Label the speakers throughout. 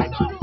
Speaker 1: Let's go.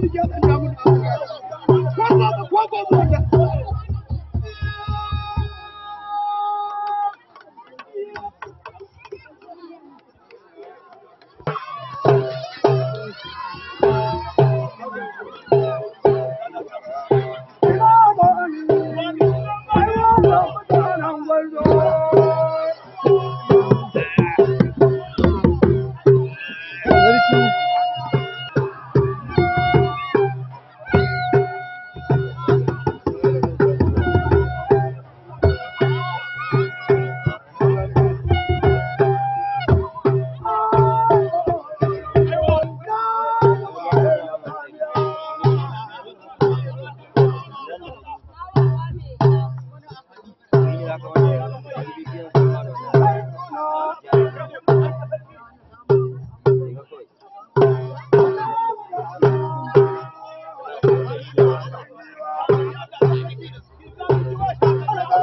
Speaker 1: together.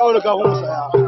Speaker 2: 我的高红霞。